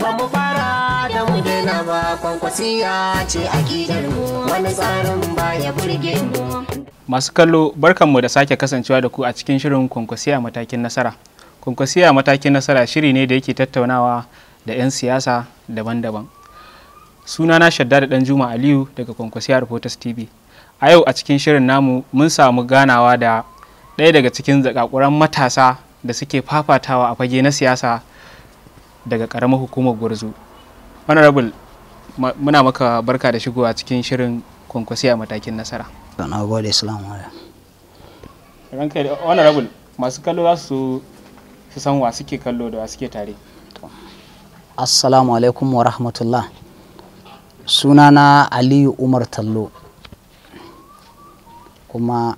ba fara da mu daina ba kwankwasiya ce a mu wani tsarin ba ya burge mu. Masu kallo barkanmu da sake kasancewa da ku a cikin shirin kwankwasiya matakin nasara. Kwankwasiya matakin nasara shiri ne da yake tattaunawa da 'yan siyasa daban-daban. Suna na Shadda da Danjuma Aliyu daga Kwankwasiya Reporters TV. A yau a cikin shirin namu mun samu ganawa da ɗaya daga cikin zakakuran matasa da suke fafatawa a fage na siyasa daga karamar hukumar gwarzo honorable muna maka barka da shigowa cikin shirin kwankwasi a matakin nasara na gode islam honorable masu kallo za su su san wa suke kallo da wa suke tare assalamu alaikum wa rahmatullah sunana aliyu umar tallo kuma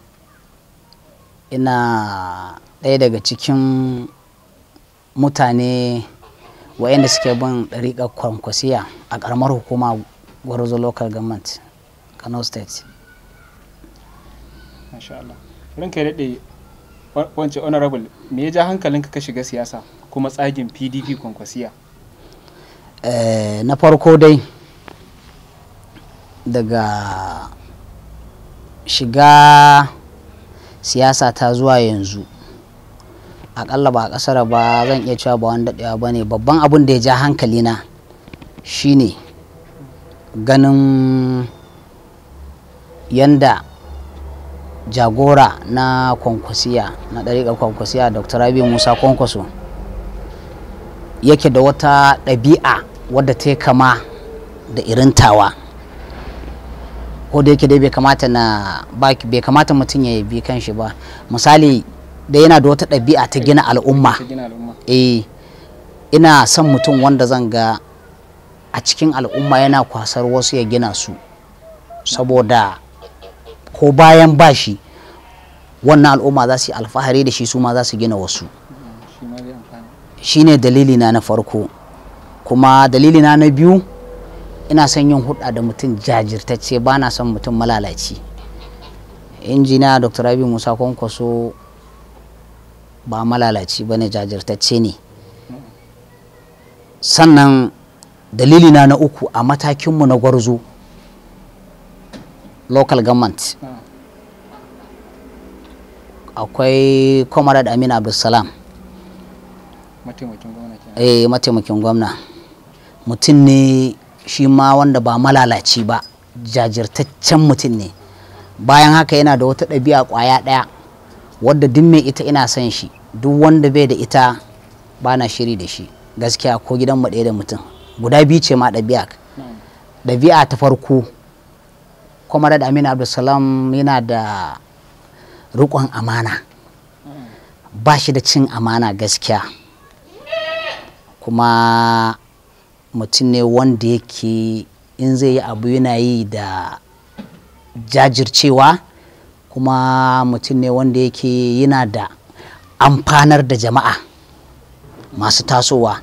ina ɗaya daga cikin mutane wayanda suke bin ɗariƙar kwankwasiya a ƙaramar hukuma gwarzo local government kano state ranka ya daɗe wance honorable me ya ja hankalinka ka shiga siyasa kuma tsagin pdp kwankwasiya eh, na farko dai daga shiga siyasa ta zuwa yanzu akalla ba a kasar ba zan iya cewa ba wani daɗewa ba ne babban abin da ya ja hankali na shine ganin yanda jagora na kwankwasiya na ɗariƙar kwankwasiya dr rabi musa kwankwaso yake da wata ɗabi'a wadda ta kama da irin tawa ko da yake dai bai kamata mutum ya bi kan shi ba misali da yana da wata ɗabi'a ta gina al'umma eh ina son mutum wanda zan ga a cikin al'umma yana kwasar wasu ya gina su saboda ko bayan bashi wannan al'umma za su yi alfahari da shi su ma za su gina wasu shi ne dalilina na farko kuma dalilina na biyu ina son yin hudda da mutum jajirtacce ba na son mutum malalaci injina dr abi musa kwankwaso ba malalaci ba ne jajirtacce ne sannan dalilina na uku a matakinmu na gwarzo local government akwai comrade amina abdulsalam eh, mataimakin gwamna mutum ne shi ma wanda ba malalaci ba jajirtaccen mutum ne bayan haka yana da wata ɗabi'a ƙwaya ɗaya wadda duk mai ita ina son shi duk wanda bai da ita ba na shiri da shi gaskiya ko gidan mu ɗaya da mutum guda biyu ce ma ɗabi'a ɗabi'a ta farko kuma da aminu abdulsalam yana da rukun amana ba shi da cin amana gaskiya kuma mutum ne wanda yake in zai yi abu yana yi da jajircewa kuma mutum ne wanda yake yana da amfanar da jama'a masu tasowa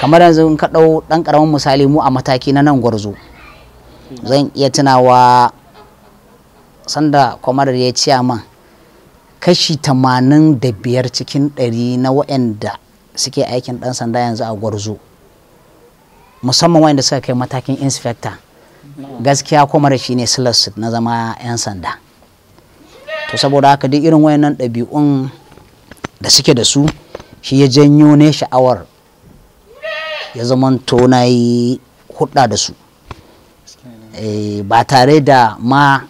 kamar yanzu in ka ɗau ɗan ƙaramin misali mu a mataki na nan gwarzo zan iya tunawa sanda kwamarar ya ce man kashi 85 cikin 100 na waɗanda suke aikin ɗan sanda yanzu a gwarzo musamman waɗanda suka kai matakin inspector gaskiya kwamarar shi ne silas na zama 'yan sanda to saboda haka duk irin wayannan ɗabi'un da suke da su shi ya janyo ne sha'awar ya zama na yi hudda da su eh, ba tare da ma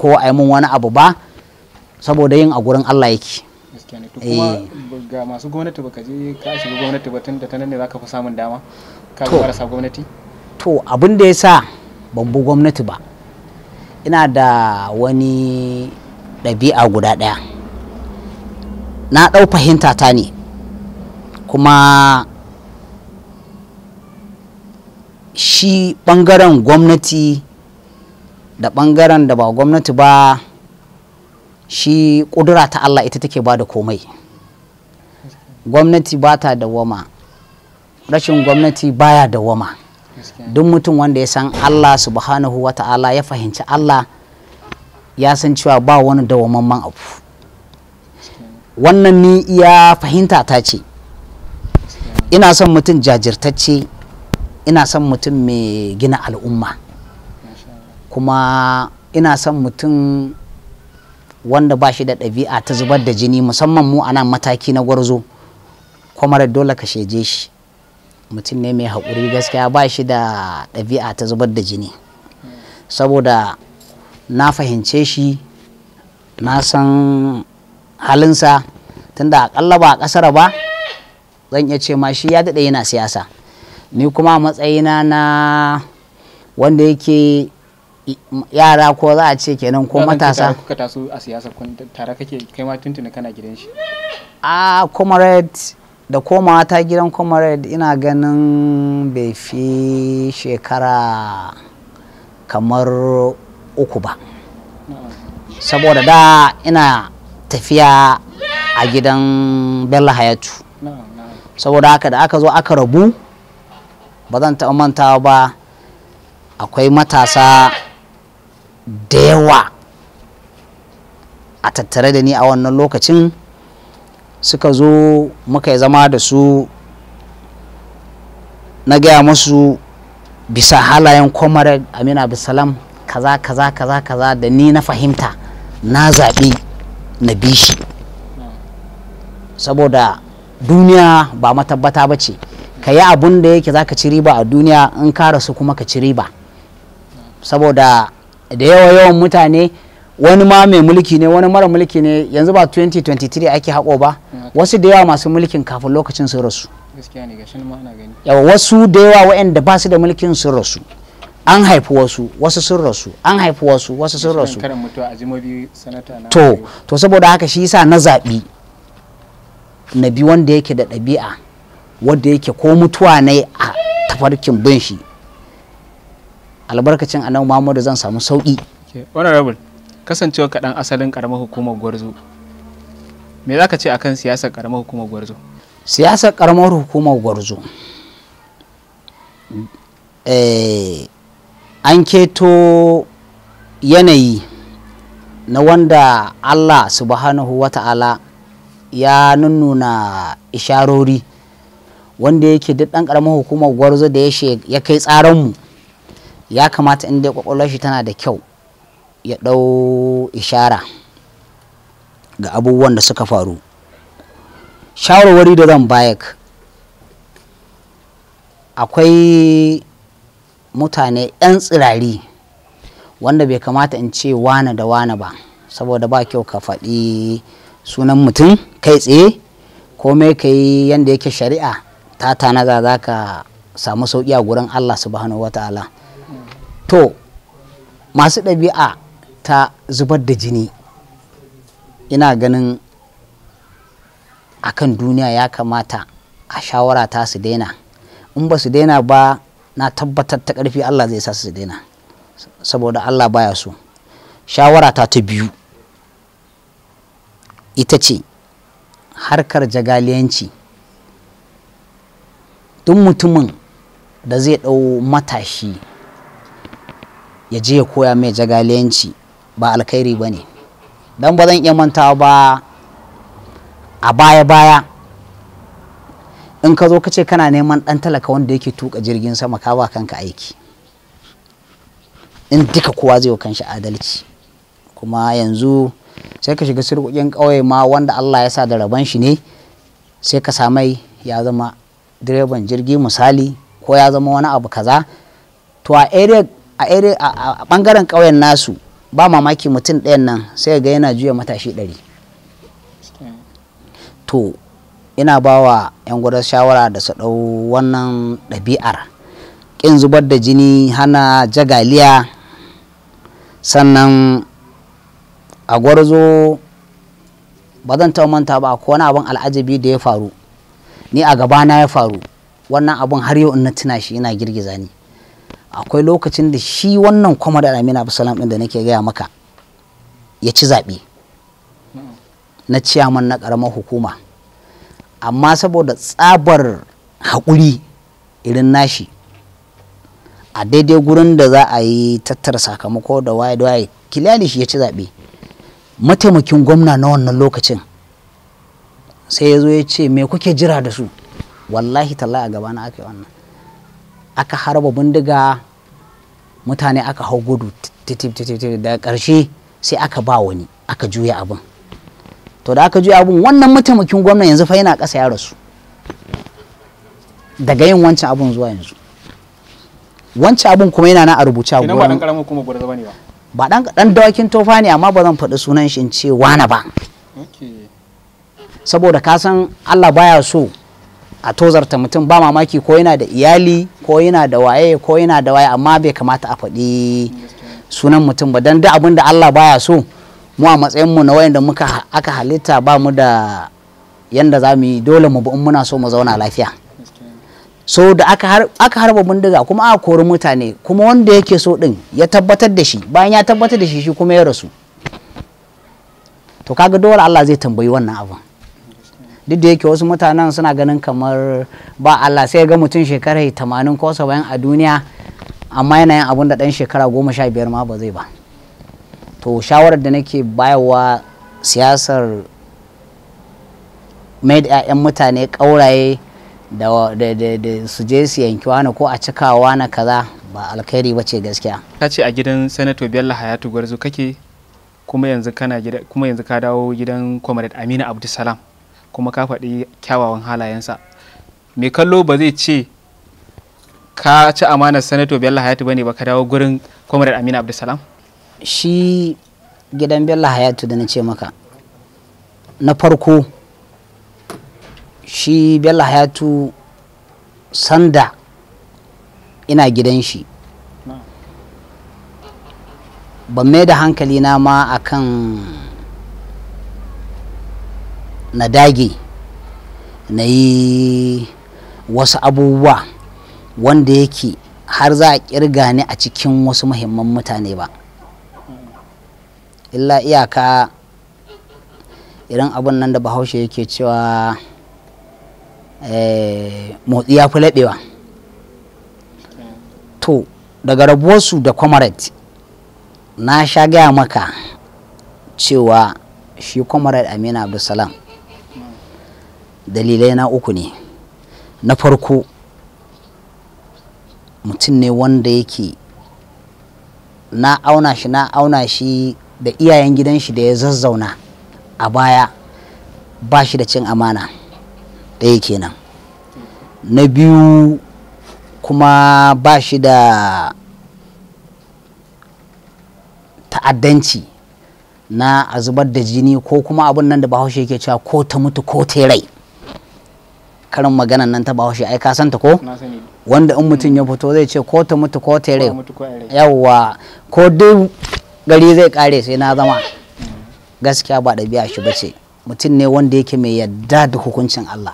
ko a yi mun wani abu ba saboda yin a gurin Allah yake eh. ga masu gwamnati ba ka je ka shiga gwamnati ba tun da ta nan ne za ka fi samun dama ka marasa gwamnati to abin da ya sa ban bu gwamnati ba ina da wani ɗabi'a guda ɗaya na ɗau fahimta ta ne kuma shi ɓangaren gwamnati da ɓangaren da ba gwamnati ba shi ƙudura ta Allah ita take ba da komai gwamnati ba ta dawama rashin gwamnati baya dawama duk mutum wanda ya san Allah subhanahu wa ta'ala ya fahimci Allah ya san cewa ba wani dawamamman abu wannan ni iya fahimta ta ce ina son mutum jajirtacce ina son mutum mai gina al'umma kuma ina son mutum wanda ba shi da ɗabi'a ta zubar da jini musamman mu a mataki na gwarzo da dole ka sheje shi mutum ne mai haƙuri gaskiya ba shi da ɗabi'a ta zubar da jini saboda na fahimce shi na san halinsa tunda aƙalla ba a ƙasar ba zan iya ce ma shi ya daɗe yana siyasa ni kuma matsayina na wanda yake yara ko za a ce kenan ko matasa ka taso a siyasa tare kake kai ma tuntuna kana gidan shi a ah, comrade da komawa ta gidan comrade ina ganin bai fi shekara kamar uku ba saboda da ina tafiya a gidan bello hayatu saboda haka da aka zo aka rabu ba zan taɓa mantawa ba akwai matasa da yawa a tattare da ni a wannan lokacin suka zo muka zama da su na gaya musu bisa halayen comrade amina bisalam kaza kaza kaza kaza da ni na fahimta na zaɓi na bishi shi saboda duniya ba matabbata ba ce ka yi abun da yake zaka ka ci riba a duniya in ka rasu kuma ka ci riba saboda da yawa yawan mutane wani ma mai mulki ne wani mara mulki ne yanzu ba 2023 ake haƙo ba wasu da yawa masu mulkin kafin lokacin sun rasu yawa wasu da yawa waɗanda ba su da mulkin sun rasu an haifi wasu wasu sun rasu an haifi wasu wasu sun rasu to saboda haka shi yasa na zaɓi na bi wanda yake da ɗabi'a wanda yake ko mutuwa ne a tafarkin bin shi albarkacin annabi muhammadu zan samu sauƙi honorable kasancewa kaɗan asalin ƙaramar hukumar gwarzo me za ka ce akan siyasar karamar hukumar gwarzo siyasar karamar hukumar gwarzo eh, an keto yanayi na wanda allah subhanahu wata'ala ya nunnuna isharori wanda yake duk ɗan ƙaramin hukumar gwarzo da ya kai tsaronmu ya kamata inda kwakwalwar shi tana da kyau ya ɗau ishara ga abubuwan da suka faru shawarwari da zan bayak akwai mutane 'yan tsirari wanda bai kamata in ce wane da wane ba saboda ba kyau ka faɗi sunan mutum kai tsaye komai ka yi yadda yake shari'a ta tanaza za ka samu sauƙi a gurin allah subhanahu wata'ala to masu ɗabi'a ta zubar da jini ina ganin a kan duniya ya kamata a shawara ta su daina in ba su daina ba na tabbatar ta ƙarfi Allah zai sa su daina saboda Allah baya so shawara ta ta biyu ita ce harkar jagaliyanci duk mutumin da zai ɗau matashi ya je ya koya mai jagaliyanci ba alkhairi ba ne don ba zan iya mantawa ba a baya-baya in ka zo ka ce kana neman ɗan talaka wanda yake tuka jirgin sama ka ba kanka aiki in duka kowa zai kan shi adalci kuma yanzu sai ka shiga sirkukin ƙauye ma wanda Allah ya sa da rabon shi ne sai ka samai ya zama direban jirgi misali ko ya zama wani abu kaza to a area a bangaren ƙauyen nasu ba mamaki mutum ɗayan nan sai ga yana juya matashi ɗari to ina ba wa 'yan gudar shawara da su ɗau wannan ɗabi'ar ƙin zubar da jini hana jagaliya sannan a gwarzo ba zan manta ba ko wani abin al'ajabi da ya faru ni a gabana ya faru wannan abin har yau in na tuna shi yana girgiza ni akwai lokacin da shi wannan kwamar da amina abusalam ɗin da nake gaya maka ya ci zaɓe na ciyaman na ƙaramar hukuma amma saboda tsabar haƙuri irin nashi a daidai gurin da za a yi tattara sakamako da waye da waye kiliyali shi ya ci zaɓe mataimakin gwamna na wannan lokacin sai ya zo ya ce me kuke jira da su wallahi talla a gabana aka yi wannan aka harba bindiga mutane aka hau gudu da ƙarshe sai aka ba wani aka juya abin to da aka juya abin wannan mataimakin gwamna yanzu fa yana ƙasa ya rasu daga yin wancan abin zuwa yanzu wancan abin kuma yana na a rubuce a gurin ba dan dan dawakin tofa ne amma ba zan faɗi sunan shi in ce wani ba saboda ka san Allah baya so a tozarta mutum ba mamaki ko yana da iyali ko yana da waye ko yana da waye amma bai kamata a faɗi sunan mutum ba don duk abin da Allah baya so mu a matsayin mu na wayanda muka aka halitta ba mu da yanda za mu yi dole mu bi in muna so mu zauna lafiya so da aka harba bindiga kuma aka kori mutane kuma wanda yake so din ya tabbatar da shi bayan ya tabbatar da shi shi kuma ya rasu to kaga dole Allah zai tambayi wannan abin duk da yake wasu mutanen suna ganin kamar ba Allah sai ga mutum shekara 80 ko 70 a duniya amma yana yin abun da dan shekara 15 ma ba zai ba to shawarar da nake bayarwa siyasar mai da 'ya'yan mutane kauraye da su je su yanki wani ko a cikawa na kaza ba alkhairi ba ce gaskiya ka ce a gidan sanato bello hayatu gwarzo kake kuma yanzu ka dawo gidan comrade aminu abdulsalam kuma ka faɗi kyawawan halayensa mai kallo ba zai ce ka ci amanar sanato bello hayatu bane ba ka dawo gurin kwamrar amina abdulsalam shi gidan bello hayatu da na ce maka na farko shi bello hayatu sanda ina gidan shi ban mai da hankali na ma akan na dage na yi wasu abubuwa wanda yake har za a kirga ni a cikin wasu muhimman mutane ba illa iyaka irin abin nan da bahaushe yake cewa eh, motsi ya fi laɓewa to daga rabuwarsu da comrade na sha gaya maka cewa shi comrade amina abdulsalam dalilai na uku ne na farko mutum ne wanda yake na auna shi na auna shi da iyayen gidan shi da ya zazzauna a baya ba shi da cin amana ɗaya kenan na biyu kuma ba shi da ta'addanci na a zubar da jini ko kuma abin nan da bahaushe yake cewa ko ta mutu ko ta rai karin maganan nan ta bahaushe ai ka santa ko wanda in mutum ya hmm. fito zai ce ko ta mutu ko ta rai yawwa ko duk gari zai kare sai na zama hmm. gaskiya ba ɗabi'a shi ba ce mutum ne wanda yake mai yadda da hukuncin Allah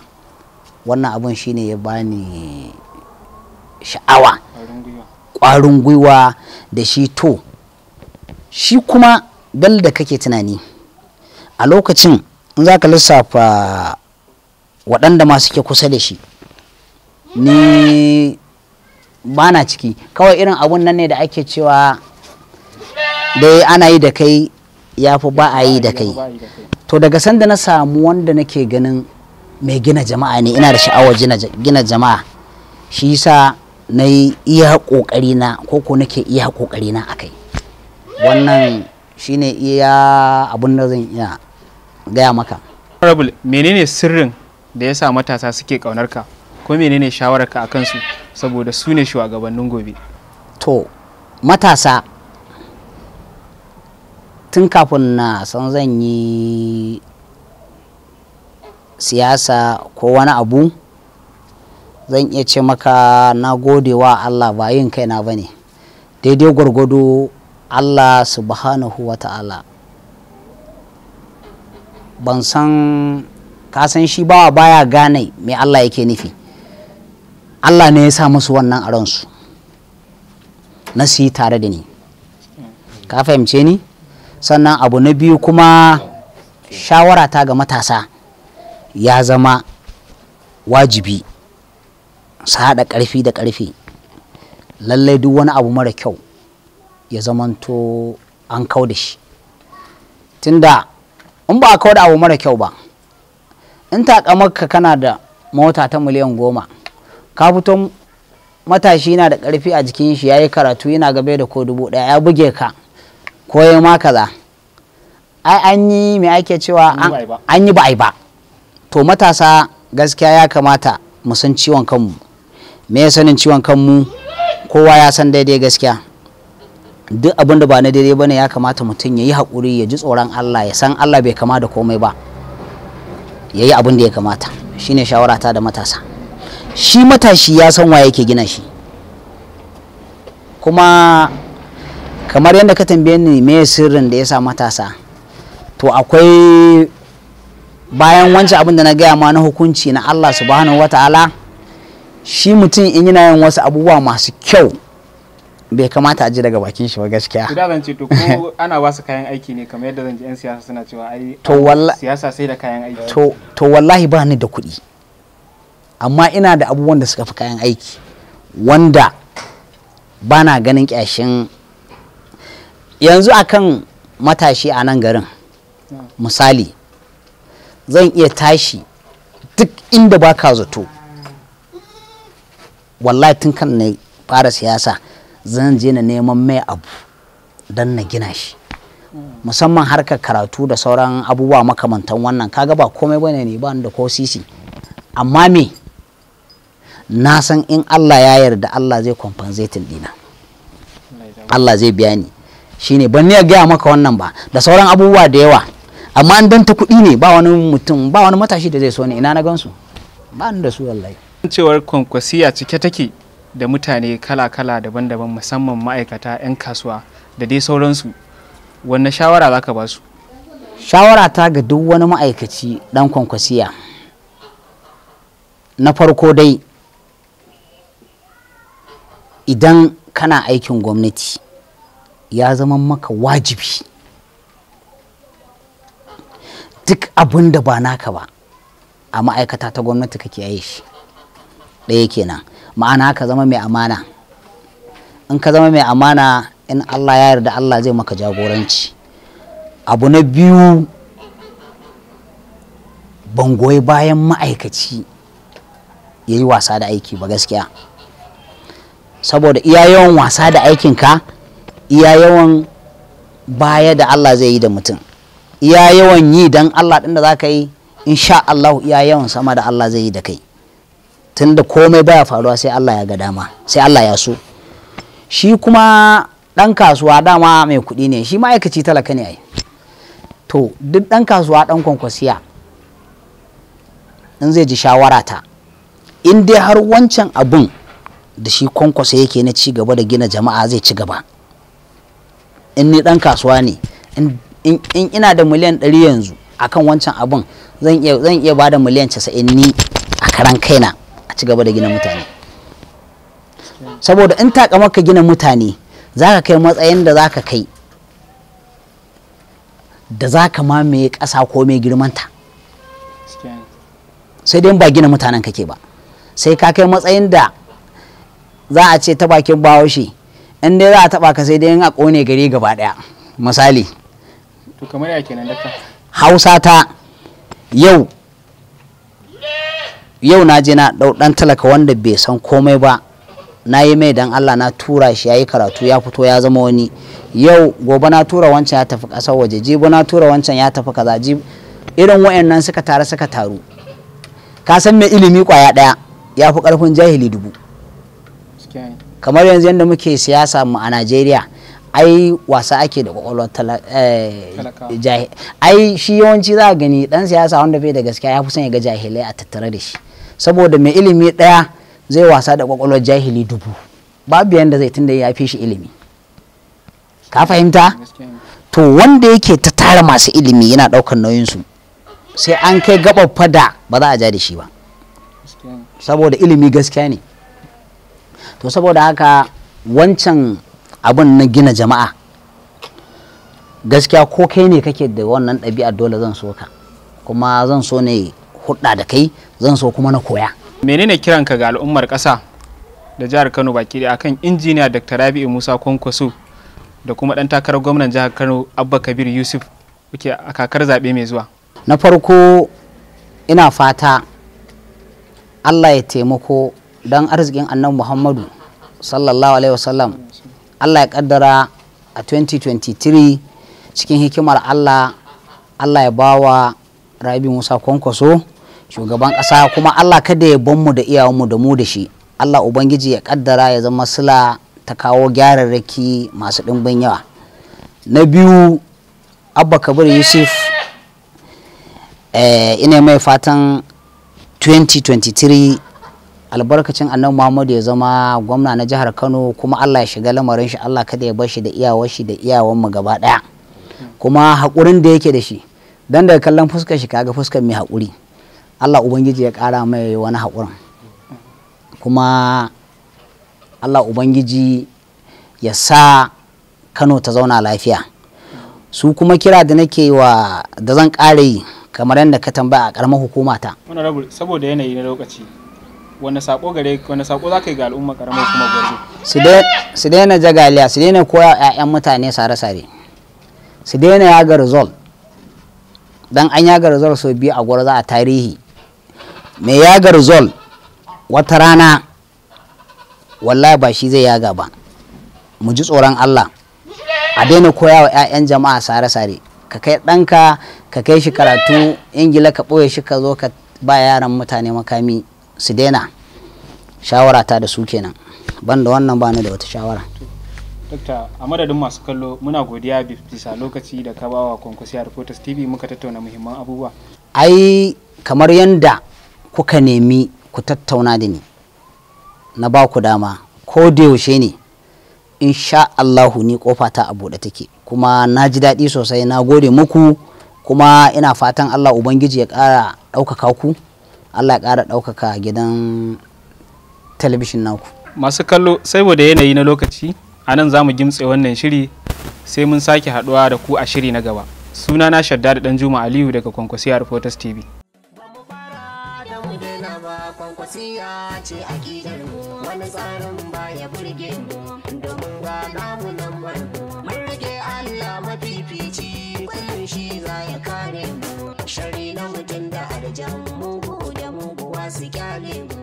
wannan abun shine ya bani sha'awa ƙwarin gwiwa da shi to shi kuma dal da kake tunani a lokacin in za ka lissafa waɗanda ma suke kusa da shi ni ba na ciki kawai irin abun nan ne da ake cewa dai ana yi da kai ya fi ba a yi da kai to daga sanda na samu wanda nake ganin mai gina jama'a ne ina da sha'awar gina jama'a shi sa na yi iya ƙoƙari na koko nake iya ƙoƙari na akai wannan shi ne iya abun da zan iya gaya maka menene sirrin da yasa matasa suke ƙaunarka ka ko menene shawararka a kansu saboda su ne shugabannin gobe to matasa tun kafin na san zan yi siyasa ko wani abu zan iya ce maka na gode wa allah ba yin kaina ba ne daidai gwargwado allah subhanahu wa ta'ala ban san ka san shi bawa baya gane me Allah yake nufi Allah ne ya sa musu wannan a ransu na su yi tare da ni ka fahimce ni sannan abu na biyu kuma shawara ta ga matasa ya zama wajibi su haɗa ƙarfi da karfi lallai duk wani abu mara kyau ya zamanto an kau da shi tunda in ba a kau da abu mara kyau ba in takamarka kana da mota ta miliyan goma ka fito matashi yana da karfi a jikin shi ya yi karatu yana gabe da ko dubu ɗaya. ya buge ka ko ya ma kaza ai an yi me ake cewa an yi ba ai ba to matasa gaskiya ya kamata mu san ciwon kanmu me ya sanin ciwon kanmu kowa ya san daidai gaskiya duk abin da ba na daidai ne ya kamata mutum ya yi haƙuri ya ji tsoron Allah ya san Allah bai kama da komai ba ya yi abin da ya kamata shine shawarata da matasa shi matashi ya san wa yake gina shi kuma kamar yadda ka tambaye ni me sirrin da ya sa matasa to akwai bayan wancan abin da na gaya ma na hukunci na Allah subhanahu ta'ala, shi mutum in yana yin wasu abubuwa masu kyau bai kamata a ji daga bakin shi ba gaskiya Ku da zan ce to ko ana wasu kayan aiki ne kamar yadda zan ji yan siyasa suna cewa ai to siyasa sai da kayan aiki to to wallahi ba ni da kuɗi amma ina da abubuwan da suka fi kayan aiki wanda ba na ganin kyashin yanzu akan matashi a nan garin misali zan iya tashi duk inda ba ka zato wallahi tun kan na fara siyasa zan je na neman mai abu don na gina shi musamman harkar karatu da sauran abubuwa makamantan wannan kaga ba komai bane ne ba da ko sisi amma me na san in Allah ya yarda Allah zai compensating dina Allah zai biya ni shine ban ne gaya maka wannan ba da sauran abubuwa da yawa amma an dan ta kuɗi ne ba wani mutum ba wani matashi da zai so ni ina na gansu ba ni da su wallahi cewar kwankwasiya cike take da mutane kala-kala daban-daban musamman ma'aikata 'yan kasuwa da dai sauransu wannan shawara za ka ba su shawara ta ga duk wani ma'aikaci dan kwankwasiya na farko dai idan kana aikin gwamnati ya zama maka wajibi duk abin da ba naka ba a ma'aikata ta gwamnati kake kiyaye shi ɗaya kenan ma'ana ka zama mai amana in ka zama mai amana in Allah ya yarda Allah zai maka jagoranci abu na biyu ban goyi bayan ma'aikaci ya yi wasa da aiki ba gaskiya saboda iya yawan wasa da aikinka iya yawan baya da Allah zai yi da mutum iya yawan yi don Allah ɗin da za ka yi insha Allah iya yawan sama da Allah zai yi da kai tunda komai baya faruwa sai Allah ya ga dama sai Allah ya so shi kuma ɗan kasuwa dama mai kuɗi ne shi ma'aikaci talaka ne ai to duk dan kasuwa dan kwankwasiya in zai ji shawara ta in dai har wancan abun da shi kwankwasa yake na ci gaba da gina jama'a zai ci gaba in ni dan kasuwa ne in ina da miliyan ɗari yanzu akan wancan abun zan iya ba da miliyan 90 ni a karan kaina a ci gaba da gina mutane saboda in takamar ka gina mutane za ka kai matsayin da za ka kai da za ka mamaye ƙasa ko mai girmanta sai dai ba gina mutanen kake ba sai ka kai matsayin da za a ce ta bakin bahaushe in dai za a taba ka sai dai a kone gari gaba daya misali to kamar ya hausa ta yau yau na je na ɗau ɗan talaka wanda bai san komai ba na yi mai dan Allah na tura shi ya yi karatu ya fito ya zama wani yau gobe na tura wancan ya tafi ƙasar waje jibo na tura wancan ya tafi kaza jib irin wayannan suka taru suka taru ka san mai ilimi kwaya ɗaya ya fi ƙarfin jahili dubu kamar yanzu yadda muke siyasa mu a Najeriya ai wasa ake da kwakwalwar eh, jahil ai shi yawanci za a gani dan siyasa wanda bai da gaskiya ya fi son ya ga jahilai a tattare da shi saboda mai ilimi ɗaya zai wasa da ƙwaƙwalwar jahili dubu babu yanda zai tunda ya fi shi ilimi ka fahimta to wanda yake ta tara masu ilimi yana ɗaukar nauyinsu sai an kai gabar fada ba za a ja da shi ba saboda ilimi gaskiya ne to saboda haka wancan abin na gina jama'a gaskiya ko kai ne kake da wannan ɗabi'a dole zan so ka kuma zan so ne hudda da kai zan so kuma na koya menene kiranka ga al'ummar ƙasa da jihar Kano baki da akan injiniya Dr. Rabi'u Musa Kwankwaso da kuma ɗan takarar gwamnan jihar Kano Abba Kabir Yusuf kuke a kakar zaɓe mai zuwa na farko ina fata Allah ya taimako don arzikin annabi Muhammadu sallallahu alaihi wasallam Allah ya kaddara a 2023 cikin hikimar Allah Allah ya bawa Rabi Musa Kwankwaso shugaban ƙasa kuma Allah kada ya mu da iyawanmu da mu da shi Allah Ubangiji ya kaddara ya zama sila ta kawo gyararraki masu ɗimbin yawa na biyu abba kabir yusuf eh, ina mai fatan 2023 albarkacin annabi muhammadu ya zama gwamna na jihar kano kuma allah ya shiga lamarin shi allah kada ya bar shi da iyawar shi da iyawan mu gaba daya kuma haƙurin da yake da shi dan daga kallon fuskar shi kaga fuskar mai haƙuri Allah Ubangiji ya ƙara mai wani haƙurin kuma Allah Ubangiji ya sa Kano ta zauna lafiya su kuma kira da nake wa da zan ƙara yi kamar yadda ka tambaya a ƙaramar hukuma ta. saboda yanayi na lokaci wani sako gare wani sako za ka yi ga al'umma ƙaramar kuma gwarzo. su daina jagaliya su daina koya 'ya'yan mutane sare-sare su daina yaga result dan an yaga result sau biyu a gwarza a tarihi mai yagar zol wata rana wallahi ba shi zai yaga ba mu ji tsoron allah a daina koya wa 'ya'yan jama'a sare-sare ka kai ɗanka ka kai shi karatu ingila ka ɓoye shi ka zo ka ba yaran mutane makami su daina shawara ta da su kenan ban da wannan bani da wata shawara dokta a madadin masu kallo muna godiya bisa lokaci da ka bawa kwankwasiya reporters tv muka tattauna muhimman abubuwa ai kamar yadda. kuka nemi ku tattauna da ni na ba ku dama ko da yaushe ne insha Allahu ni kofa ta a buɗe take kuma na ji daɗi sosai na gode muku kuma ina fatan Allah Ubangiji ya ƙara ɗaukaka ku Allah ya ƙara ɗaukaka gidan talabishin naku masu kallo saboda yanayi na lokaci a nan za mu gimtse wannan shiri sai mun sake haɗuwa da ku a shiri na gaba sunana shadda da ɗan juma aliyu daga kwankwasiyar reporters tv kwasiya ce a gidanmu mu wani tsarin ba ya burge mu domin ga namu nan mun rage Allah mafifici kullum shi za ya kare mu shari na mutum da arjan mugu da muguwa su kyale mu